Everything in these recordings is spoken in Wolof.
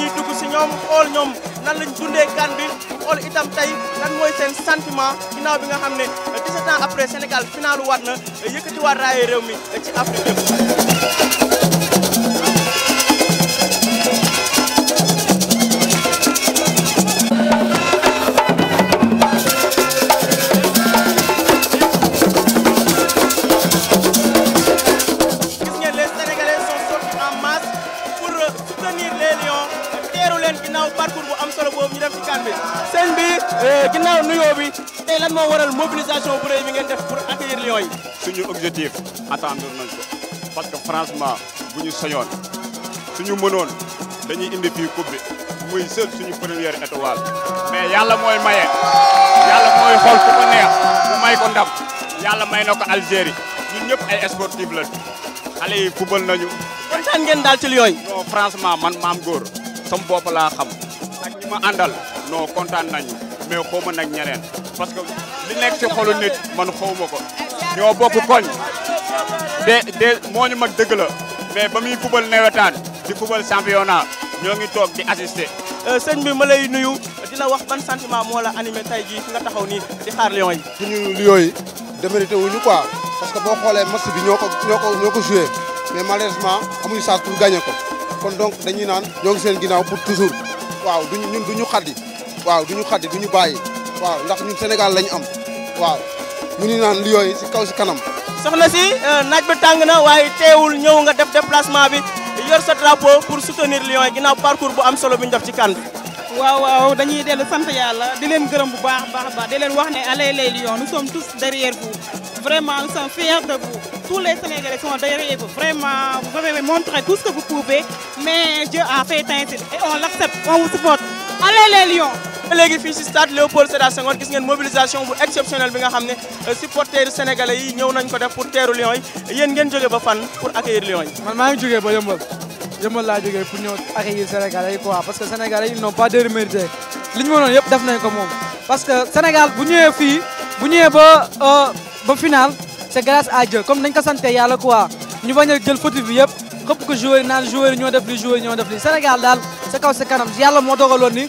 dañuy dugg si ñoom xool ñoom nan lañ dundee kan bi xool itam tey lan mooy seen sentiment ginnaaw bi nga xam ne 17 ans après Sénégal finaalu waat na yëkkatiwaat raaya réew mi ci Afrique Eh, ginnaaw nuyoo bi tey moo waral mobilisation bu rëy bi ngeen def pour accueillir Lions yi. suñu objectif attendre nañ ko parce que franchement bu ñu soñoon suñu mënoon dañuy indi fii coupe bi muy seul suñu première étoile. mais yàlla mooy maye yàlla mooy xool ko neex mu may ko ndam may na ko Algérie ñëpp ay sportif lañ xale yi football nañu. kontaan ngeen daal ci Lions yi. non franchement man maam góor sama laa xam ak ñi ma kontaan nañu. mais xaw ma nag parce que li nekk ci xolu nit man xaw ñoo bokk koñ de de moo ñu mag dëgg la mais ba muy fubal nawetaan di fubal championnat ñoo ngi toog di assister euh, sëñ bi ma lay nuyu la wax ban sentiment moo la animé tey jii fi nga taxaw nii di xaar lion yi suñu lion wuñu quoi parce que boo xoolee match bi ñoo ko ñoo ko ñoo ko joué amuñu chance pour gagner ko kon donc dañuy naan ñoo ngi seen ginnaaw pour toujours waaw duñu ñun waaw du ñu xaddi du ñu bàyyi waaw ndax ñun Sénégal lañu am waaw ñu ni naan li yooyu si kaw si kanam. soxna si euh, naaj bi tàng na waaye teewul ñëw nga def déplacement bi yor sa drapeau pour soutenir les Lions yi ginnaaw parcours bu am solo bi ñu def ci kan bi. waaw waaw dañuy dellu sant yàlla di leen gërëm bu baax baax baax di leen wax ne allez les Lions nous sommes tous derrière vous vraiment nous sommes fiers de vous tous les Sénégalais sont derrière vous vraiment vous avez montrer tout ce que vous pouvez mais Dieu a fait ainsi et on l'accepte on vous supporte allez les Lions. ba léegi fii si stade Léopold Sédar Senghor gis ngeen mobilisation bu exceptionnelle bi nga xam ne euh, supporters sénégalais yi ñëw nañ ko def pour teeru Lions yi yéen ngeen jógee ba fan pour accueillir Lions yi. man maa ngi jógee ba yëmbal yëmbal laa jógee pour ñëw accueillir sénégalais yi quoi parce que sénégalais ils n'ont pas démérité li ñu mënoon yëpp def nañ ko moom. parce que Sénégal bu ñëwee fii bu ñëwee ba euh, final c'est grâce à Dieu comme nañ ko sant yàlla quoi ñu bañ a jël foti bi yëpp ñoo def li joueur yi def li Sénégal daal sa kaw sa yàlla moo dogaloon ni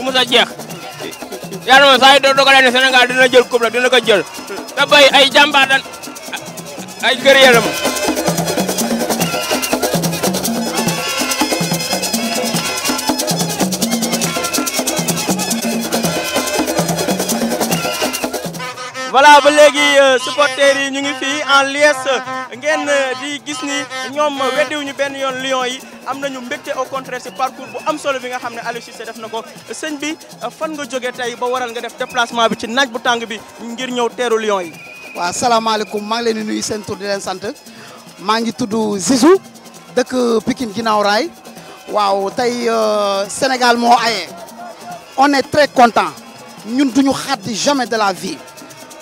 du mos a jeex yàlla moom saa yu dogalee ne Sénégal dina jël coupe la dina ko jël te bay ay jàmbaar ay guerrier la voilà ba légui euh, supporters yi ñu ngi fi en liesse ngén euh, di gis ni ñom ñoom weddiwuñu ben yoon lion yi amna ñu mbégte au contraire si parcours bu am solo bi nga xamné ne Aliou Cissé def nako ko sëñ bi euh, fan nga joggé tay ba waral nga def déplacement bi ci naaj bu tang bi ngir ñew teeru lion yi. wa salam salaamaaleykum ma ngi leen di nuyu seen tur di leen sant ma ngi tudd Zizou dëkk Pikine ginaaw raay waaw tay Sénégal moo ayé on est très content ñun duñu xaddi jamais de la vie.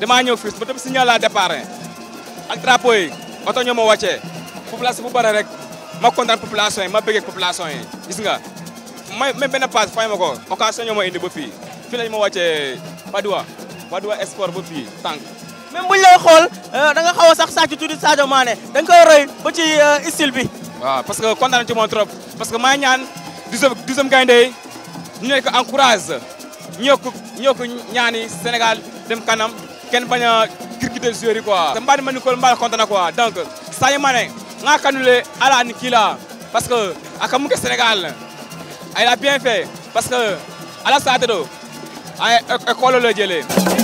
damaa ñëw fii ba tamit signal laa départ ak drapeau yi oto ñoo ma rek ma kontaan population yi ma bëggee population yi gis nga may même benn passe fay ma ko indi ba fii fii lañ ma wàccee Padoua Padoua Espoir ba fi tànk même buñ lay xool euh, da xaw sax sàcc tuuti Sadio Mané da nga koy roy ba ci euh, bi parce que kontaan ci moom trop parce que maa ñaan dixième dixième gaynde ñu ne ko encourage ñoo ko ñaani Sénégal dem kanam kenn bañ a critiquer joueur yi quoi te mbaa ma ni ko mbaa content na quoi donc saa ma ne nga kanule alaan kii laa parce que ak mu ngi Sénégal la. bien fait parce que à la saa ay école la jëlee.